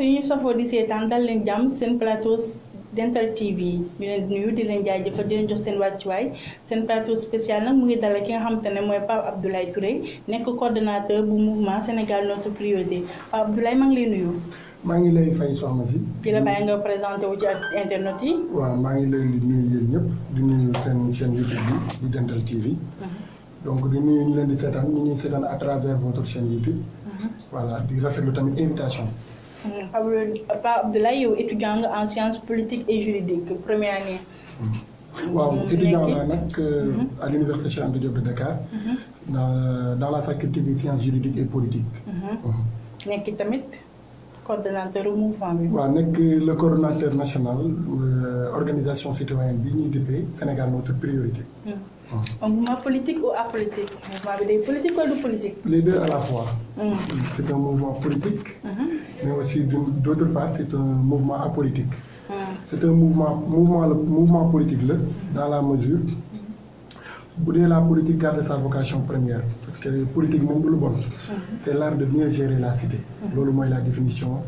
yu ñu safoo di seetaan dal leen jàmm seen plateau Dental TV ñu leen di nuyu di leen jaajëfal di leen jox seen wàccuwaay seen plateau spécial mu ngi dalal ki nga xamante ne mooy Pape Abdoulaye Touré nekk coordonnateur bu mouvement Sénégal notre priorité Pape Abdoulaye maa ngi lay nuyu. maa ngi lay fay soxna si. di la bàyyi nga présenté ak internet maa ngi lay ñëpp di nuyu seen seen YouTube bi di Dental TV. Uh-huh. donc di nuyu ñu leen di à travers votre chaîne YouTube. Uh-huh. voilà di rafetlu tamit invitation Mm-hmm. Par Abdoulaye yow étudiant en sciences politiques et juridiques première année. Mm-hmm. waaw mm-hmm. étudiant euh, à l'université Cheikh Diop de Dakar. dans dans la faculté des sciences juridiques et politiques. nekk tamit coordonnateur mouvement waaw le coordonnateur national euh, organisation citoyenne bi ñuy Sénégal notre priorité. Un mouvement politique ou apolitique Mouvement politique ou Les deux à la fois. Hum. C'est un mouvement politique, mais aussi d'autre part, c'est un mouvement apolitique. Hum. C'est un mouvement, mouvement, mouvement politique dans la mesure où la politique garde sa vocation première. Parce que la politique, hum. c'est l'art de bien gérer la cité. C'est la définition.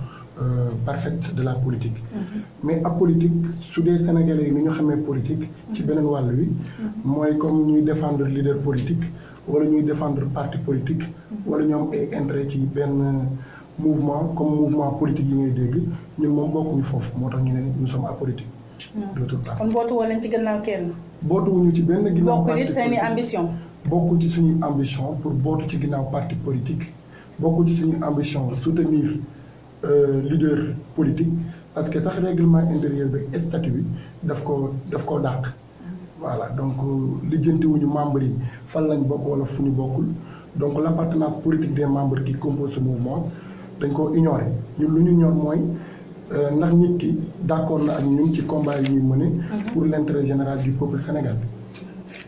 Euh, parfaite de la politique. Mm-hmm. mais à politique su sénégalais yi ni ñu xamee politique. ci mm-hmm. beneen wàll wi. moy mm-hmm. comme ñuy défendre leader politique wala ñuy défendre parti politique. wala ñom ay intérêt ci benn mouvement comme mouvement politique yi ñuy dégg ñu moom bokku ñu ñu nous sommes à politique. baax kon bootu woo leen ci gannaaw kenn. bootuwuñu ci benn ginnaw parti politique ambition. Beaucoup ci suñu ambition pour bootu ci parti politique bokku ci suñu ambition soutenir. Euh, leader politique parce que sax réglement intérieur bi statut bi daf ko daf koo dàq. voilà donc euh, lijjanti wuñu membres yi fan lañu bokk wala fu ñu bokkul donc l' appartenance politique des membres qui composent ce mouvement dañ ko ignorer ñun lu ñu ñor mooy euh, ndax nit ki d' accord na ak ñun ci combat yi ñuy mëne mhm. pour l' intérêt général du peuple sénégal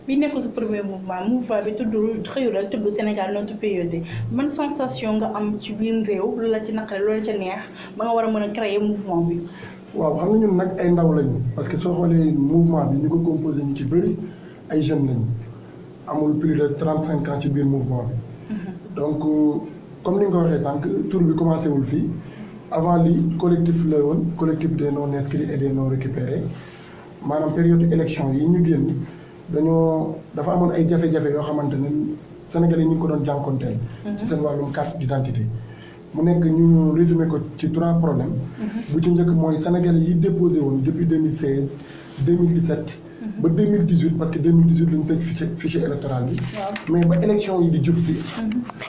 bi nekk si premier mouvement mouvement bi tudd xëyu la tudd Sénégal notre pays man sensation nga am ci biir réew lu la ci naqare loolu la ci neex ba nga war a mën a créer mouvement waaw xam nga ñun nag ay ndaw lañu parce que soo xoolee mouvement bi ñu ko composé ñu ci bëri ay jeunes lañu amul plus de 35 ans ci biir mouvement mhm. donc comme ni nga ko waxee sànq tour bi commencé wul fii. avant lii collectif la woon collectif des non inscrits et des non récupérés maanaam période élection yi ñu génn dañoo dafa amoon ay jafe-jafe yoo xamante ne Sénégalais yi ko doon jànkonteel. ci mhm. seen wàllum carte d'identité. mu nekk ñu résumé ko ci trois problèmes. Mhm. bu ci njëkk mooy Sénégalais yi déposé woon depuis 2016 2017. Mhm. ba 2018 parce que 2018 lañu tëj fichier fichier électoral bi. mais ba élection yi di jub si.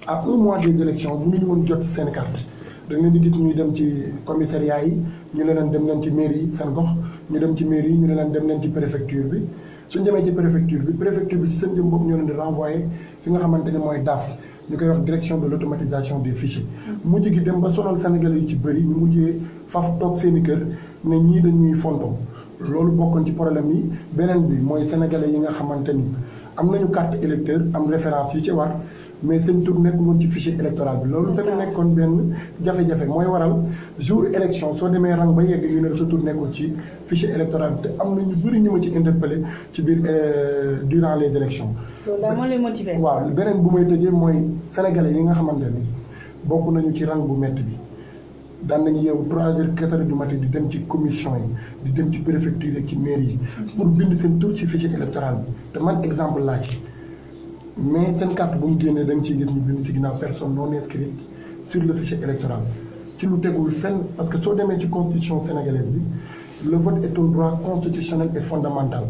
à un mois des élections mënuñu woon jot seen carte. da ngeen di gis ñuy dem ci commissariat yi ñu ne leen dem leen ci mairie yi seen gox ñu dem ci mairie yi ñu ne leen dem leen ci préfecture bi. suñ demee ci préfecture bi préfecture bi seen jëm boobu ñoo leen di renvoyé fi nga xamante ne mooy DAF ñu koy wax direction de l' automatisation des fichiers mm. mujj gi dem ba sonal sénégalais yu ci bëri ñu mujjee faf toog seen i kër ne ñii dañuy fontoo loolu bokkoon ci problème yi beneen bi mooy sénégalais yi nga xamante ni am nañu carte électeur am référence yi ci war mais seen tur nekk ci fichier électoral bi loolu tamit nekkoon benn jafe-jafe mooy waral jour élection soo demee rang ba yegg ñu ne sa tur nekkul ci fichier électoral bi te am na ñu bëri ñu ma ci interpellé ci biir euh, durant les élections waaw beneen bu may tëjee mooy sénégalais yi nga xamante ni bokk nañu ci rang bu métti bi daan nañu yeewu trois heures quatre du matin di dem ci commission yi di dem ci préfecture yi ci mairie yi pour bind seen tur ci fichier électoral bi te man exemple laa ci mais seen carte bu mu génnee personne non inscrite sur le fichier électoral ci lu tegul fenn parce que sur demee ci constitution sénégalaise le vote est un droit constitutionnel et fondamental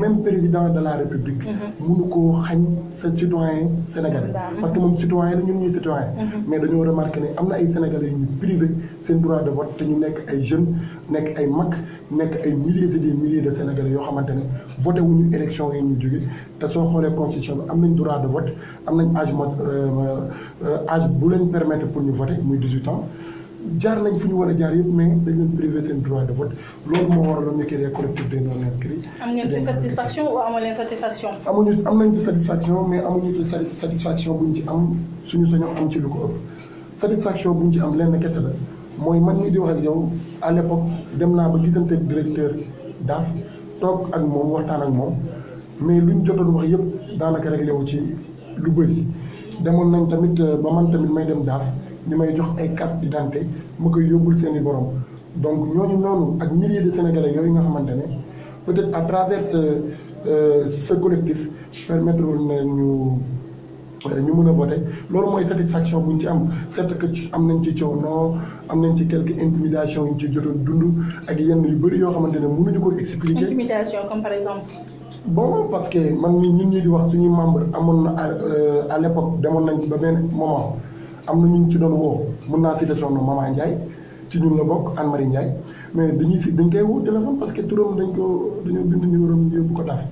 même président de la république mënu mm-hmm. koo xañ sa citoyen sénégalais parce que moom citoyen la ñun ñuy citoyen mm-hmm. mais dañoo remarqué ne am na ay sénégalais privés, privé seen droit de vote te ñu nekk ay jeunes nekk ay mag nekk ay milliers et des milliers de sénégalais yoo xamante ne voté wuñu élection yi ñu jóge te soo xoolee constitution bi am nañ droit de vote am nañ âge mot euh, euh, âge bu leen permettre pour ñu voté muy 18 ans jaar nañ fu ñu war a jaar yëpp mais dañ leen privé seen droit de vote loolu moo waraloon ñu créé collectif des non inscrits. am ngeen ci satisfaction ou amoo satisfaction. amuñu am nañ ci satisfaction mais amuñu ci satisfaction bu ñu ci am suñu sañoo am ci lu ko ëpp satisfaction bu ñu ci am lenn kese la. mooy man mii di wax ak yow à l'époque dem naa ba gisante directeur daaf toog ak moom waxtaan ak moom mais luñ jotoon wax yëpp daanaka rek wu ci lu bëri demoon nañ tamit euh, ba man tamit may dem daaf ñu may jox ay carte d'identité ma koy yóbbul seeni i borom donc ñooñu noonu ak milliers de sénégalais yi nga xamante ne peut-être à travers ce euh, collectif permettre nañu. Euh, ñu mun a voter loolu mooy satisfaction bu ñu ci am certes que am nañ ci coow non am nañ ci quelques intimidations yu ñu ci jotoon dund ak yenn yu bëri yoo xamante ne mënuñu ko expliquer. intimidation comme par exemple. bon parce que man mii ñun ñii di wax suñuy membre amoon na euh, à l'époque demoon nañ ci ba benn moment am na ñu ci doon woo mën naa citer son maman Ndiaye ci ñun la bokk Anne Marie Ndiaye mais dañuy si dañ koy woo téléphone parce que turam dañ ko dañoo bind numéro yóbbu ko daf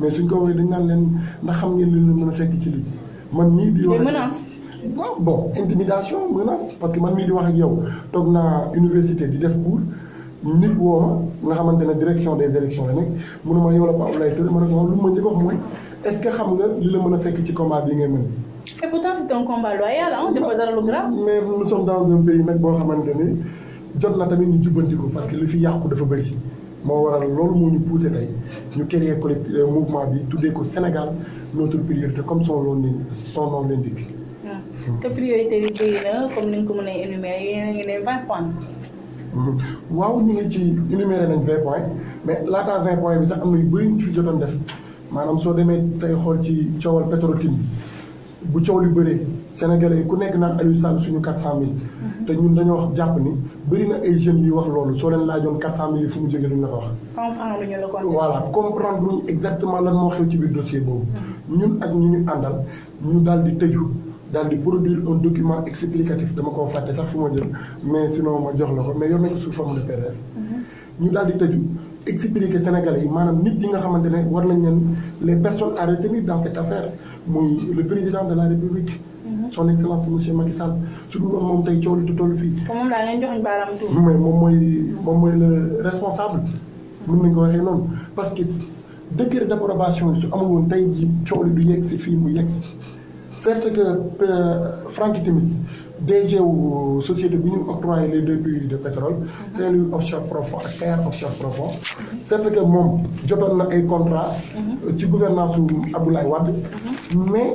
mais suñ ko woowee dañ naan leen ndax xam ngeen li leen mën a fekk ci lii. man mii di wax bon intimidation menace parce que man mii di wax ak yow toog naa université di def cours nit wooma nga xamante direction des élections la nekk yow la ko Abdoulaye Touré ma ne ko lu ma njëkk wax mooy est-ce que xam nga li la mën a fekk ci combat bi ngay mën. et pourtant c'est un combat loyal hein, de dara lu grave. mais nous sommes dans un pays nag boo xamante ni jot na tamit ñu jubbantiku parce que li fi yàqu dafa bëri moo waral loolu moo ñu poussé tey ñu créé collectif euh, mouvement bi tuddee ko Sénégal notre priorité comme son nom son nom l'indique. waaw te priorité bi bëri na comme ni nga ko mën a énumérer yéen a ngi ne vingt points. Mm-hmm. waaw ñu ngi ci énuméré nañ 20 points mais laata 20 points bi sax am na yu bëri ñu fi jotoon def maanaam soo demee tey xool ci coowal petro bi bu coow li bëree. Sénégalais yi ku nekk naan Aliou Sall suñu 400000. Mm-hmm. te ñun dañoo wax jàpp ni bëri na ay jeunes yi wax loolu soo leen laajoon 400000 yi fu mu jógee duñ la ko wax. comprendre ñu la kon. voilà comprendre luñ exactement lan moo xew ci biir dossier boobu. Mm-hmm. ñun ak ñu ñu àndal ñu daal di tëju daal di produire un document explicatif dama koo fàtte sax fu ma jël mais sinon ma jox la ko mais yor nañu sous forme de PDF. Mm-hmm. ñu daal di tëju expliquer Sénégalais yi maanaam nit yi nga xamante ne war nañ leen les personnes à retenir dans cette affaire muy le président de la République son classe monsieur Macky Sall su dul woon moom tey du tollu fi mom la laa jox joxoñ baaraam tuuti. mais mom moy mom moy le responsable. mën nañu ko waxee non parce que décret d'approbation yi su amul woon tey jii coow du yegg ci fi mu yegg si. certes que euh, Franck Timis DG wu société bi ñu octroyé les deux puits de pétrole. Saint-Louis offshore profond ak Cayar offshore profond. certes que mom jotoon na ay contrat mhm. ci gouvernance Abdoulaye Wade. Mhm. mais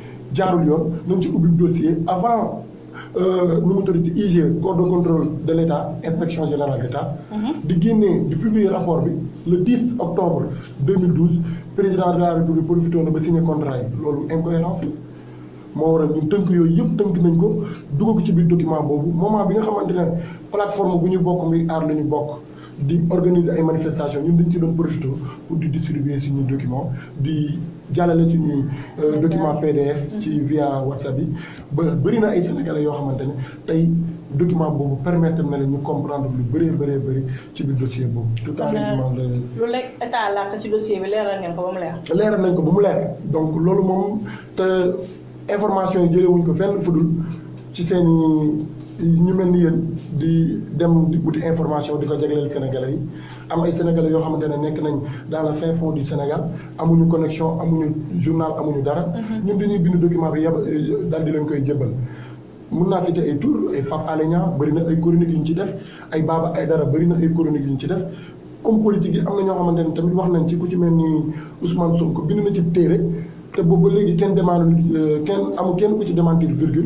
jaarul yoon ñu ci ubbi dossier avant euh, nu mu tuddati e, corps de contrôle de l'état inspection générale de l'état mhm. di génnee di publier rapport bi le 10 octobre 2012 président de la république profité na ba signer contrat yi loolu incohérence la moo waral ñun tënk yooyu yëpp tënk nañ ko dugal ci biir document boobu moment bi nga xamante ne plateforme bu ñu bokk muy aar la ñu bokk. di organiser ay manifestations ñun dañ ci doon projeté pour di distribuer suñuy documents di jàllale suñuy euh, document PDF mm-hmm. ci via WhatsApp bi ba bëri na ay sénégalais yoo xamante ne tey document boobu permettre na leen ñu comprendre lu bëree bëree bëri ci biir dossier boobu. tout à lu lekk état làkk ci leeral leer. leeral nañ ko ba mu leer donc loolu moom te information yi jëlee wuñ ko fenn fudul ci seen ñu mel ni yéen di dem di wuti information di ko jagleel Sénégalais yi am ay Sénégalais yoo xamante ne nekk nañ dans le fin fond du Sénégal amuñu connexion amuñu journal amuñu dara. Mhm. ñun dañuy bind document bi yab daal di leen koy jébbal. mun naa citer ay tur ay Pape Alé Niang na ay chroniques yu ñu ci def ay Baba Aïdara bëri na ay chroniques yu ñu ci def. comme politique yi am na ñoo xamante ne tamit wax nañ ci ku ci mel ni Ousmane Sonko bind na ci téere te boobu léegi kenn demande euh, kenn amul kenn ku ci démentir virgule.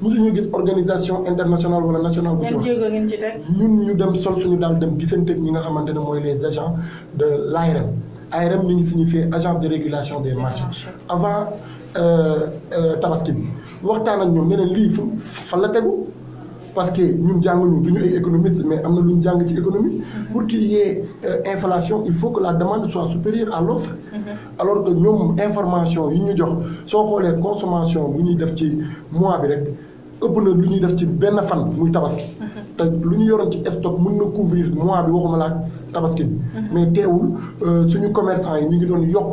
mosuñu une organisation internationale ou nationale. Nous, ci des ñun ñu dem sol suñu dem les agents de l'ARM. ARM signifie agent de régulation des marchés ah, avant euh, euh, tabaski nous waxtaan ak ñoom ne leen lii parce que nous sommes économistes, mais nous sommes économistes. pour qu'il y ait euh, inflation il faut que la demande soit supérieure à l'offre mm-hmm. alors que ñoom information nous ñu jox soo consommation bu moins def mois bi ëpp na lu ñuy def ci benn fan muy tabaski mhm. te lu ñu yoroon ci stock mën na couvrir mois bi waxuma laa tabaski bi mhm. mais teewul euh, suñu commerçant yi ñu ngi doon yokk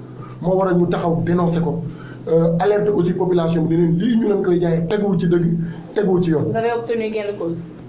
moo war waral ñu taxaw dénoncé ko euh, alerte aussi population bi ne lii ñu leen koy jaayee teguwul ci dëgg teguwul ci yoon. nga obtenu gain de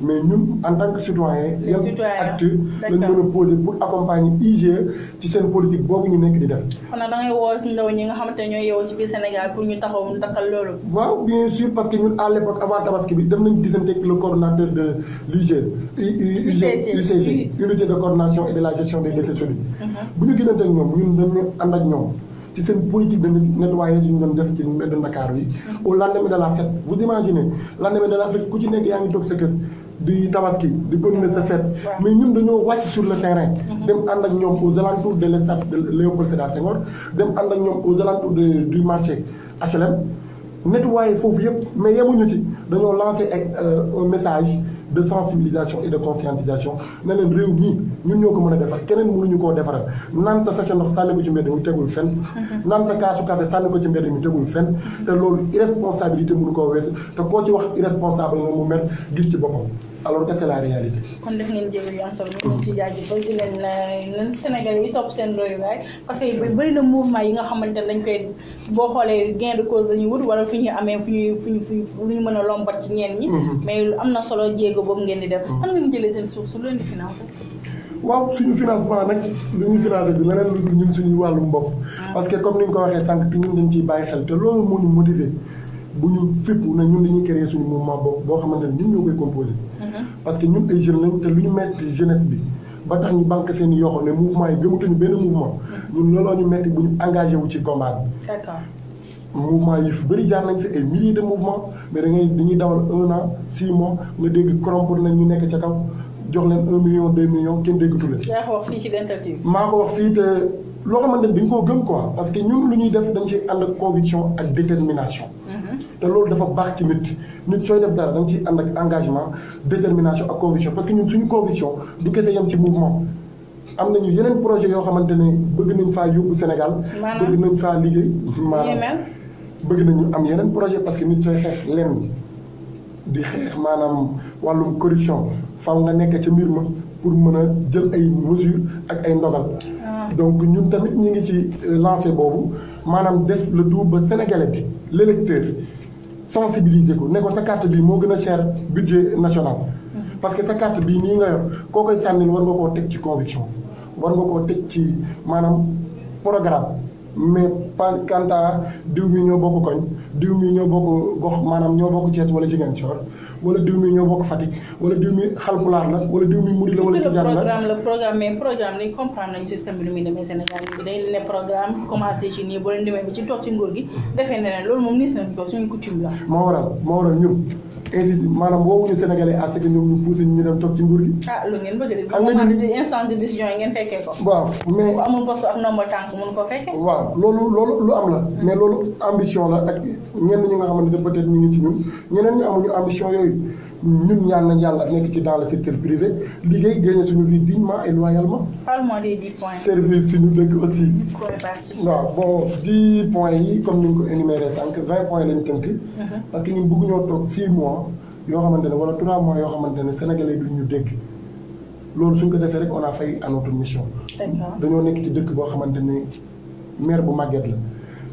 mais nous, en tant que citoyen yan acte lañ mën a poser pour accompagner IGE ci seen politique boobu ñu nekk di def xanaa da ngay woo ndaw ñi nga xamante ne ci biir Sénégal pour ñu taxaw ndakkal loolu waaw bien sûr parce que ñun à l'époque avant tabaski bi dem nañ gisante ak le coordonnateur de l'IGE UCG unité de coordination et de la gestion des déchets solides mhm. bu ñu gisante ak ñoom ñun dañu ànd ak ñoom ci seen politique de nettoyage yu ñu doon def ci mbedd Dakar bi mhm. au lendemain de la fête vous imaginez lendemain de la fête ku ci nekk yaa ngi toog sa kër du tabaski di continuer fête mais ñun sur le terrain mhm. dem ànd ak aux alentours de de Léopold Sédar Senghor dem aux alentours du marché HLM nettoyer foofu mais ci lancer euh, un message de sensibilisation et de conscientisation nous leen réew nous ñun ñoo ko mën a mënuñu koo defaral ko ci nous mhm. ko ci mhm. irresponsabilité mënu ci wax irresponsable nous? alors que c'est la réalité. kon def ngeen jéego yu am solo topp seen royuwaay parce que bëri na mouvement yi nga xamante ne dañ koy boo xoolee gain de cause la wala fi ñuy amee fu ñuy fu ñu lu ñu mën a lombat ci ñeen ñi. Mm-hmm. am na solo jéego boobu ngeen di def. Mm-hmm. fan ngeen jëlee seen suuf suñu financement nag lu ñuy financé bi leneen lu suñu wàllum bopp. Mm-hmm. parce que comme ko waxee sànq ñun dañ bàyyi xel te loolu moo ñu motivé bu ñu fépp na ñun dañuy créer suñu mouvement boo xamante ne ñun ñoo koy composé. parce que ñun ay jeunes lañ te lu ñu metti jeunesse bi ba tax ñu banque seen i yoxo ne mouvement yi tuñu benn mouvement ñun looloo ñu metti bu ñu engagé wu ci combat bi. d'accord mouvement yi fi bëri jaar nañ fi ay milliers de mouvement mais da ngay dañuy dawal un an six mois nga dégg corrompre nañ ñu nekk ca kaw jox leen un million deux millions kenn déggatu la. yaa ko wax fii ci tentative. maa ko wax fii te loo xamante ni dañ koo gëm quoi parce que ñun lu ñuy def dañ ci ànd conviction ak détermination. Et loolu dafa de engagement détermination conviction parce que ñun conviction du fait un ci mouvement y a un projet qui bëgg Sénégal. bëgg faire liggéey. projet parce que nous sommes di corruption nga nekk pour jël mesures ak ah. donc ñun tamit ngi ci euh, lancé le ba sénégalais l'électeur sensibiliser ko ne ko sa carte bii moo gën a cher budget national. Mm-hmm. parce que sa carte bii nii nga yor koo koy sànnil war nga koo teg ci conviction war nga koo teg ci maanaam programme. mais pan kanta diw mi ñoo bokk koñ diw mi ñoo bokk gox maanaam ñoo bokk ceet wala Ziguinchor wala diw mi ñoo bokk Fatick wala diw mi xalpulaar la wala diw mi murid la wala tijaan la programme la programme mais programme lañ comprendre nañ système bi lu muy demee Sénégal bi day ne programme commencé ci nii boo leen demee ci toog ci nguur gi defee ne loolu moom nis nañ ko suñu coutume la moo waral moo waral ñun indi maanaam woowuñu Sénégalais à ce que ñoom ñu poussé ñu dem toog ci nguur gi. ah lu ngeen bëgg a moment de instance de yi ngeen fekkee ko. waaw mais amul poste ak nombre tànk mun ko fekkee. waaw loolu loolu lu am la. Hmm. mais loolu ambition la ak ñenn ñi nga xamante ne peut-être ñu ngi ci ñun ñeneen ñu amuñu ambition yooyu. ñun ñaan nañ yàlla nekk ci dans le secteur privé liggéey génne suñu vie dignement et loyalement. parle-moi des dix points. servir suñu dëkk aussi. waaw bon dix points yi comme ni ñu ko énuméré sànq vingt points lañ tënk. Uh-huh. parce que ñun bëgg ñoo toog six mois yoo xamante ne wala trois mois yoo xamante ne sénégalais du ñu dégg. loolu suñ ko defee rek on a failli à notre mission. dañoo nekk ci dëkk boo xamante ne maire bu màgget la.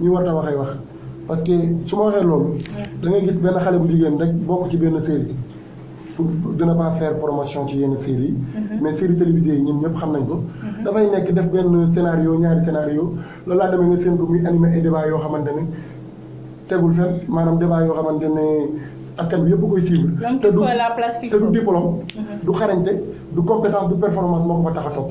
ñu war a waxee wax parce que su ma waxee loolu. da ngay gis benn xale bu jigéen rek bokk ci benn série pour dina pas faire promotion ci yenn série mhm. mais série télévisée yi ñun ñëpp xam nañ ko. Mhm. dafay nekk def benn scénario ñaari scénario loolu laa demee nga seen ko muy animé ay débat yoo xamante ne tegul fenn maanaam débat yoo xamante ne. askan bi yëpp koy suivre. te du te du diplôme. Mhm. du xarañte du compétence du performance moo ko fa tax a topp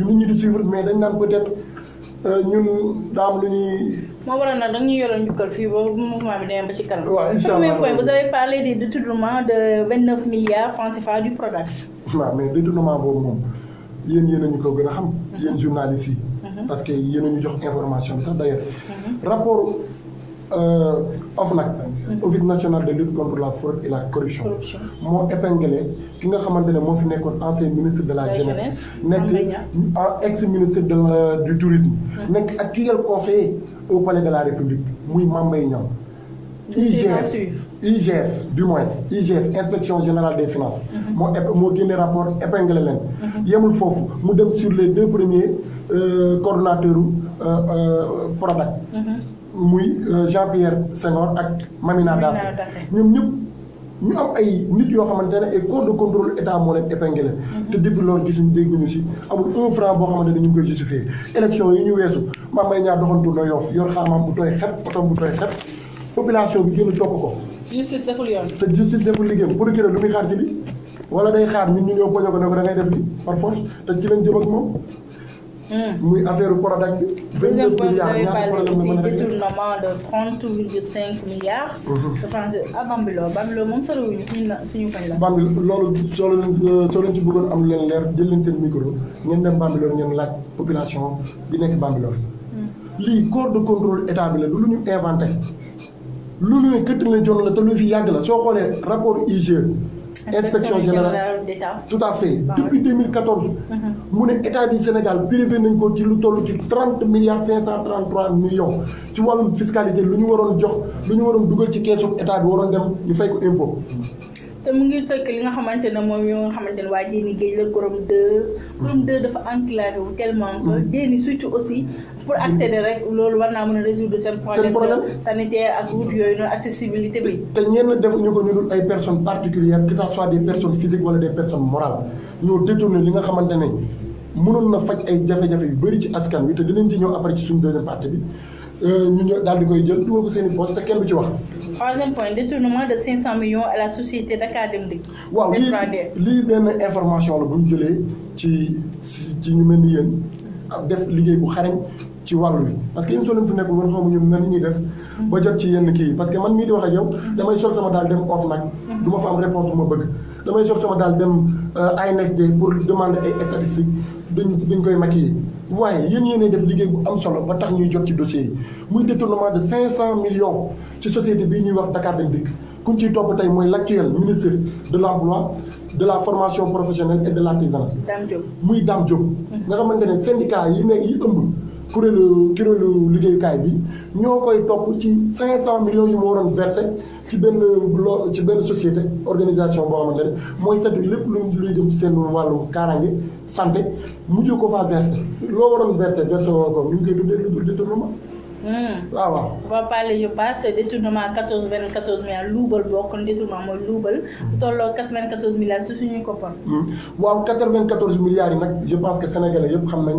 yu nit ñi di suivre mais dañ naan peut-être euh, ñun daam lu ñuy. moo waral nag dañuy yoroon njukkal fii ba mouvement bi demee ba ci kanam. waaw incha allah point vous avez parlé des détournements de vingt neuf milliards francs CFA du Prodac. waaw mais détournement boobu moom yéen yéen a ñu ko gën a xam. Mhm. yéen journalistes yi. Mhm. parce que yéen a ñu jox information bi sax d'ailleurs. Mhm. rapport au euh, OFNAC. Mm-hmm. Office national de lutte contre la fraude et la corruption. Mon épinglé qui nous a demandé fi ancien ministre de la jeunesse. ex ministre du tourisme. mais mm-hmm. actuel conseiller au palais de la république Mouy Mambéignan, IGF IGF du moins IGF inspection générale des finances. Mm-hmm. Mon rapport moo génne rapport épinglé leen. yemul foofu nous sommes sur les deux premiers euh, coordonnateurs euh, PRODAC. muy euh, Jean Pierre Senghor ak Mamina Daffé ñoom ñëpp ñu am ay nit yoo xamante ne ay corps de contrôle état moo leen épinglé mm-hmm. te depuis loolu gisuñu dégg ñu si amul un franc boo xamante ne ñu ngi koy justifié élection yi ñu weesu ma may ñaar doxantu na Yoff yor xaamam bu tooy xep otom bu tooy xep population bi gën a topp ko te justice deful liggéeyam procureur lu muy xaar ci bi wala day xaar ñun ñu ñëw poño ko ne ko da def li par force te ci lañ Mm. muy affaire Prodac bi. vingt neuf milliards ñaata problème détournement de trente milliards. Mm-hmm. je pense à Bambilor Bambilor moom soriwuñu suñu na suñu koñ la. Bambilor loolu soo leen soo ci bëggoon am leen leer jël leen seen micro ñen dem Bambilor ngeen laaj population bi nekk Bambilor. Mm. li corps de contrôle état bi la lu ñu inventé. lu ñu ne la jox la te lu fi yàgg la soo xoolee rapport IG e, inspection générale tout à fait depuis 2014. Mm-hmm. mu ne état du Sénégal privé nañ ko ci lu toll ci trente milliards cinq cent trente trois millions ci wàllum fiscalité lu ñu waroon jox lu ñu waroon dugal ci keesu état bi waroon dem ñu fay ko impôt. te mu ngi tëkk li nga xamante ne moom yoo nga xamante ne waa Dieyni Guèye la Gorom 2. Gorom 2 dafa enclavé wu tellement que mm-hmm. Dieyni surtout aussi. pour accéder rek loolu war naa mën a résoudre seen problème sanitaire ak route yooyu noonu accessibilité bi te ñenn defuñu ko ñu dul ay personnes particulières que ça soit des personnes physiques wala des personnes morales ñoo détourné li nga xamante ne mënoon na faj ay jafe-jafe yu bëri ci askan wi te dinañ ci ñëw après ci suñu deuxième partie bi euh, ñu ñëw daal di koy jël dugal ko seen i poste te kenn du ci wax. troisième point détournement de 500 millions à la société Dakar Dem Dikk. waaw lii lii benn information la bu ñu jëlee ci ci ñu mel ni yéen def liggéey bu xarañ ci wàllu bi parce que yéen soo leen fi nekkul woon xaw ma ñoom nan ñuy def ba jot ci yenn kii parce que man mii di wax ak yow mm-hmm. damay sol sama mm-hmm. euh, ay def liggéey bu am solo ba tax ñuy jot ci dossiers yi muy détournement de cinq cent millions ci ñuy wax Dakar Dem Dikk kuñ ciy topp tey mooy l'actuel ministre de la formation professionnelle et de l'artisanat muy Dame Diop mm-hmm. nga xamante ne syndicat yi nekk yi ëmb kuréelu kuréelu liggéeyukaay bi ñoo koy topp ci 500 millions yu ma waroon versé ci benn ci benn société organisation boo xamante ne mooy seetlu lépp lu luy dem ci seen wàllu kaaraange santé mujj ko faa versé loo waroon versé versé woo ko ñu ngi koy tuddee lu détournement. Hmm. waaw waaw. ba parler je pense détournement 14 94 milliards luubal bokk na détournement mooy luubal. Hmm. tolloo 94 milliards su suñuy koppar. Hmm. waaw 94 milliards yi nag je pense que sénégalais yëpp xam nañ.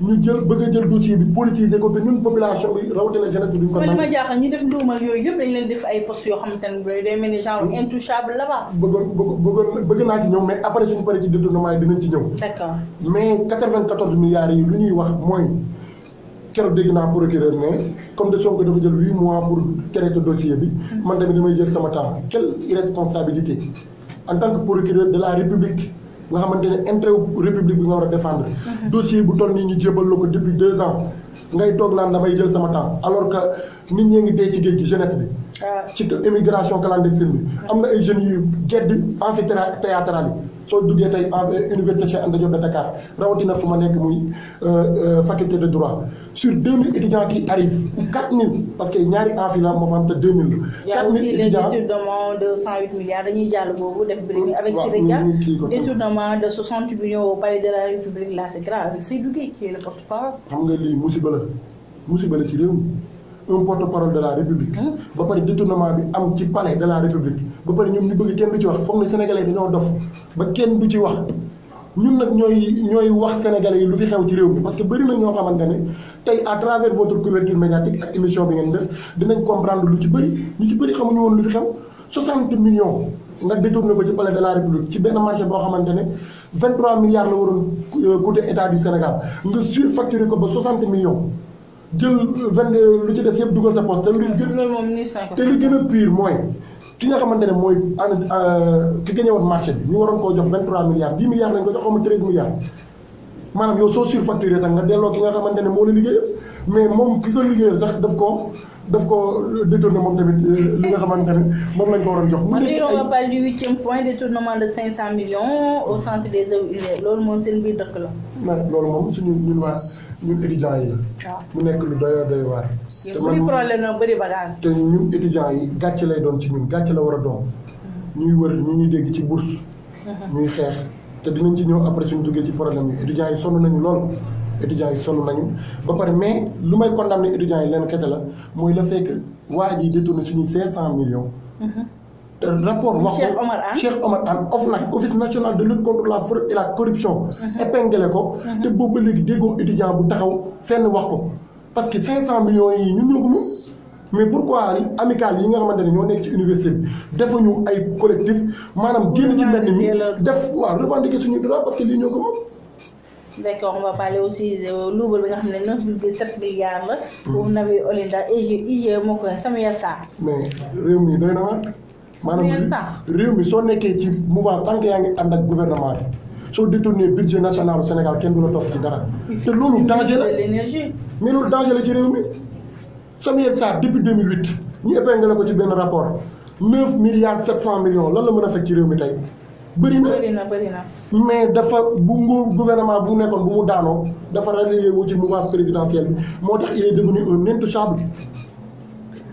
ñu jël bëgg a jël dossier bi politiser ko te ñun population bi rawatina jeunesse bi duñ ko. li ma jaaxal ñu def ndóomal yooyu yëpp dañ leen def ay poste yoo xamante ne day mel ni genre intouchable la ba. bëggoon bëgg naa ci ñëw mais après suñu paree ci détournement yi dinañ ci ñëw. d'accord mais 94 milliards yi lu ñuy wax mooy keroog dégg naa procureur ne comme de Sonko dafa jël 8 mois pour traiter dossier bi. Hmm. man tamit damay jël sama temps quelle irresponsabilité en tant que procureur de la République. nga xamante ne intérêt république bi nga war a défendre. Mhm. dossier bu toll nii ñu jébal la ko depuis deux ans ngay toog naan damay jël sama temps alors que nit ñee ngi dee ci géej gi jeunesse bi. Ah. ci immigration clandestine bi. am na ay jeunes yu gedd amphithéâtral yi. soo duggee tey en euh, université Cheikh Anta Diop de Dakar rawatina fu ma nekk muy euh, euh, faculté de droit sur 2000 étudiants qui arrivent 4000 parce que ñaari enfilaa moo fa am te 2000 la. 4000 étudiants y' a aussi les détournements de 108 milliards dañuy jàll boobu def. bëri avec Siré Dia détournement de 60 millions au palais de la République là c'est grave Seydou Gueye qui xam nga lii musiba la musiba la ci réew un porte-parole de la république. ba pare détournement bi am ci palais de la république ba pare ñoom ñu bëgg kenn du ci wax foog na sénégalais dañoo dof ba kenn du ci wax ñun nag ñooy ñooy wax sénégalais yi lu fi xew ci réew mi parce que bëri na ñoo xamante ne tey à travers votre couverture médiatique ak émission bi ngeen def dinañ comprendre lu ci bëri ñu ci bëri woon lu fi xew 60 millions. nga détourné ko ci palais de la république ci benn marché boo xamante ne 23 milliards la waroon euh, coûter état du Sénégal nga surfacturé ko ba 60 millions. jël vingt lu ci def yëpp dugal sa poche te lu gën loolu moom te lu gën a pire mooy ki nga xamante ne mooy an euh, ki gañe marché bi ñu waroon koo jox vingt trois milliards dix milliards lañ ko jox xaw ma treize milliards maanaam yow soo surfacturé sax nga delloo ki nga xamante ne moo la liggéeyal mais moom ki ko liggéeyal sax daf ko daf ko détourné moom tamit euh, li nga xamante ne moom lañ ko waroon jox. mu nekk ay on parle du huitième point moom seen biir dëkk la. waaw loolu moom suñu ñun waa ñun étudiants yi. waaw mu nekk lu doy doy waar. te man problème la bëri bagage. te ñun étudiants yi gàcc lay doon ci ñun gàcce la war a doon. Mhm. ñuy wër ñu ñuy dégg ci bourse. Mhm. ñuy xeex. te dinañ ci ñëw après suñu duggee ci problème yi étudiants yi sonn nañu lool étudiants yi sonn nañu ba pare mais lu may condamné étudiants yi leen kese la mooy le fait que waa ji détourné suñu cinq cent millions mm-hmm. te rapport wax Cheikh Omar Anne Cheikh Omar office national de lutte contre la fraude corruption mm-hmm. épinglé ko mm-hmm. te boobu léegi déggoo étudiant bu taxaw fenn wax ko parce que cinq cent millions yi ñun ñoo ko moom mais pourquoi amical yi nga xamante ñoo nekk ci université bi defuñu ay collectif manam génn ci mel ni def waaw revendiquer suñu droit parce que li ñoo ko moom D'accord, on va parler aussi de l'ouvre bi nga xam ne 9,7 milliards la. Hmm. pour Naby Olinda IGE IGE moo koy Samuel Sarr. mais réew mi doy na waar. Samuel maanaam réew mi soo nekkee ci mouvement tant que yaa ngi ànd ak gouvernement bi soo détourné budget national bu Sénégal kenn du la topp ci dara. te loolu danger la mais loolu danger la ci réew mi. Samuel Sarr depuis 2008 ñu épinglé ko ci benn rapport 9 milliards 700 millions lan la mën a fekk ci réew mi tey. bëri na mais dafa bu nguur gouvernement bu mu nekkoon bu mu daanoo dafa rallié wu ci mouvance présidentielle bi moo tax il est devenu un intouchable.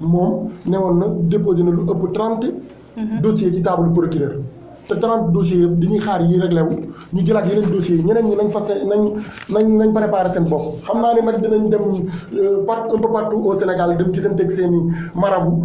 moom ne woon na déposé na lu ëpp trente mhm. dossiers ci table procureur te trente dossiers yëpp ñuy xaar yi réglé wu ñu jëlaat yeneen dossiers yi ñeneen ñi nañ fas nañ nañ nañ préparé seen bopp xam naa ne nag dinañ dem euh, part un peu partout o Sénégal dem ci seen teg seen i marabu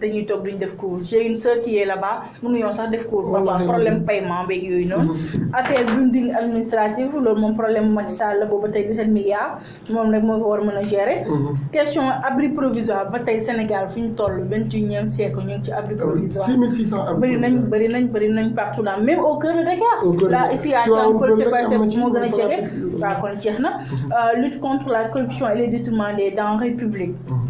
dañuy toog duñ def cours j'ai une sœur qui est là-bas mënuñoo sax def cours papa problème paiement beeg yooyu noonu affaire building administrative loolu moom problème Macky Sall la boobu tey 17 milliards moom rek moo ko war mën a gérer mhm. question abri provisoire ba tey Sénégal fi ñu toll vingt et unième siècle ñu ngi ci abri ah provisoire bëri nañ bëri nañ bëri nañ partout là même au cœur de Dakar là ici à Thiam Colobane moo gën a jege waaw kon jeex na euh, lutte contre la corruption et le détournement des denrées publiques mhm.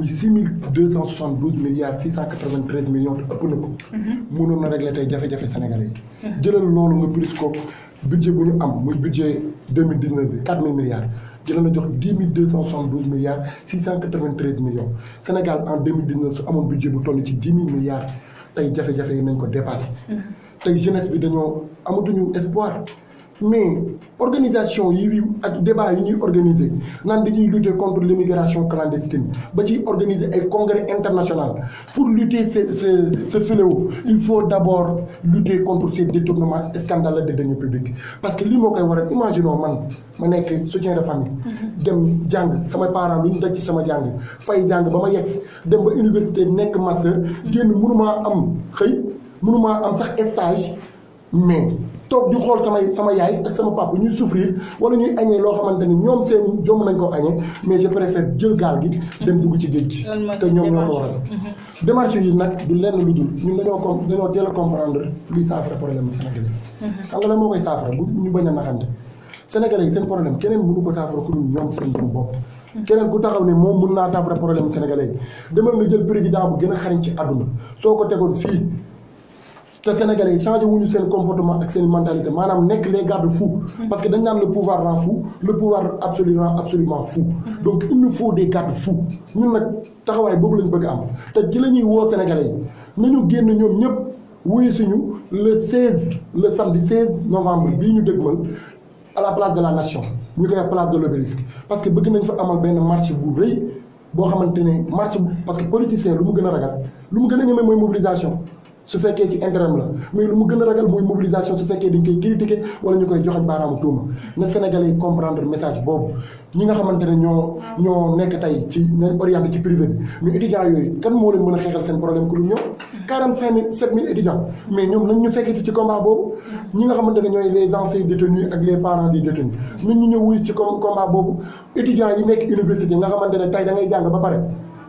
6 6272 milliards 693 millions ëpp na mhm. régler sénégalais Je jëlal loolu le budget 2019 4 000 milliards jëlal na 10 10272 milliards 693 millions Sénégal en 2019 su un budget bu 10 000 milliards tey jafe dépassé mhm. jeunesse bi dañoo amatuñu espoir mais organisation yi ak débat yi ñuy organiser nan dañuy lutter contre l'immigration clandestine ba ci organiser un congrès international pour lutter ce ce ce fléau il faut d'abord lutter contre ces détournements scandaleux de deniers publics parce que li mo koy waral imaginons man ma nekk soutien de famille mm-hmm. dem un sama parents lu ñu daj ci sama jang fay je bama ma dem ba université nekk master génn mënuma am xey mënuma am sax stage mais toog di xool samay sama yaay ak sama papa ñuy souffrir wala ñuy añee loo xamante ni ñoom seen jom nañ ko añee mais je préfère jël gaal gi. dem dugg ci géej gi. te ñoom ñoo ko waral. Mhm. démarche yi nag du lenn lu dul ñun dañoo com dañoo teel a comprendre luy saafara problème sénégalais. Mhm. xam nga la moo koy saafara bu ñu bañ a naxante sénégalais yi seen problème keneen mënu ko saafara ku dul ñoom seen bopp. Mhm. keneen ku taxaw ne moom mun naa saafara problème sénégalais yi demal nga jël président bu gën a xarañ ci àdduna soo ko tegoon fii. Les Sénégalais changent changé comportement et la mentalité n'est les gardes fous mm-hmm. parce que le pouvoir rend fou le pouvoir absolument absolument fou mm-hmm. donc il nous faut des gardes fous Nous Nous Les Sénégalais nous le 16 le samedi 16 novembre à la place de la nation à la place de l'obélisque parce que nous avons fa marche parce que les politiciens ne pas. mobilisation su fekkee ci intérêt la mais lu mu gën a ragal mooy mobilisation su fekkee dañ koy critiquer wala ñu koy joxañ baaraamu tuuma na Sénégalais yi comprendre message boobu ñi nga xamante ne ñoo ñoo nekk tey ci ñooy orienté ci privé bi mais étudiant yooyu kan moo leen mën a xeexal seen problème ku lu ñëw quarante cinq mille sept mille étudiants mais ñoom nañ ñu fekkee ci ci combat boobu ñi nga xamante ne ñooy les anciens détenus ak les parents des détenus nañ ñu ñëw wuy ci combat boobu étudiants yi nekk université nga xamante ne tey da ngay jàng ba pare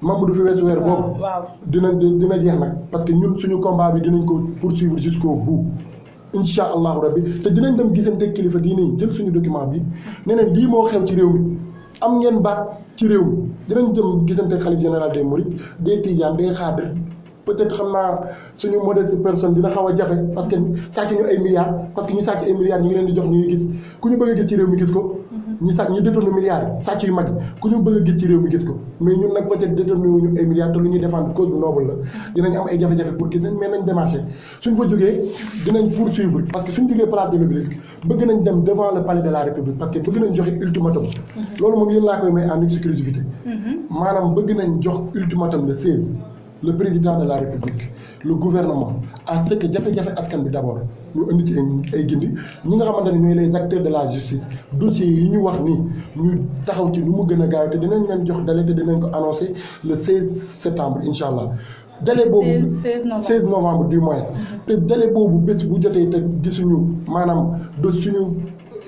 membre mm-hmm. du fi dina parce que ñun suñu combat bi dinañ poursuivre jusqu'au bout. inshallah te dinañ dem jël suñu document bi ne lii moo ci réew mi am ngeen baat ci réew dem général des tidiane des peut-être modeste personne dina parce que ñu milliards parce que ñu ay milliards ñu ngi leen di jox gis ku ñu ci mi nous avons ni des milliards ça c'est Nous mais nous peut-être détourné milliards pour lu cause noble la dinañ pour mais nous poursuivre parce que si nous place de l'Obélisque nous nañ devant le palais de la République parce que nous nañ joxe ultimatum C'est ce que nous nous en exclusivité mm-hmm. Nous bëgg nañ ultimatum le 16 le président de la République le gouvernement à ce que Jafé jafe askan bi d'abord abord ñu indi ci ay gindi ñi nga xamante ñoy ñooy les acteurs de la justice dossier yi ñu wax ni ñu taxaw ci nu mu gëna a gaaw te dinañ leen jox délai te dinañ ko annoncer le 16 septembre inshallah allah. délai boobu 16 novembre du mois mhm. te délai bobu bés bu jotté te gisunu manam do suñu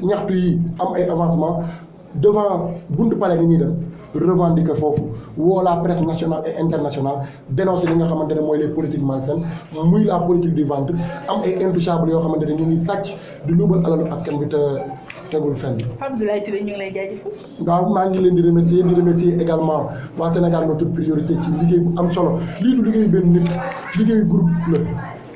ñaxtu yi am ay avancement devant buntu palais ni ñi dem. revendiquer foofu woo la presse nationale et internationale dénoncer li nga xamante ne mooy les politiques malsaines muy la politique du ventre am ay intouchables yoo xamante ni ñu ngi sàcc di luubal alalu askan bi te tegul fenn. Abdoulaye Touré ñu ngi lay jaajëfal. waaw maa ngi leen di remercier di remercier également waa Sénégal notre priorité ci liggéey bu am solo lii du liggéeyu benn nit liggéeyu groupe la.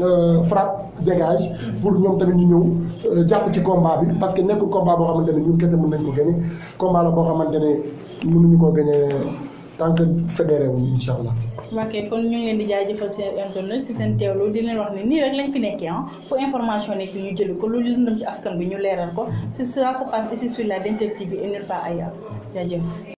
Euh, frappe dégage pour ñoom tamit ñu ñëw euh, jàpp ci combat bi parce que nekk combat boo xamante ne ñun kese nañ ko gagné combat la boo xamante ne mënuñu koo gagné tant que fédéré wu incha allah. ok kon ñu ngi di jaajëfal seen internet si seen di leen wax ne nii rek lañ fi nekkee ah fu information nekk ñu jëli ko lu lëndëm ci askan bi ñu leeral ko si ça se passe ici sur la Dentale TV et nulle part ailleurs jaajëf.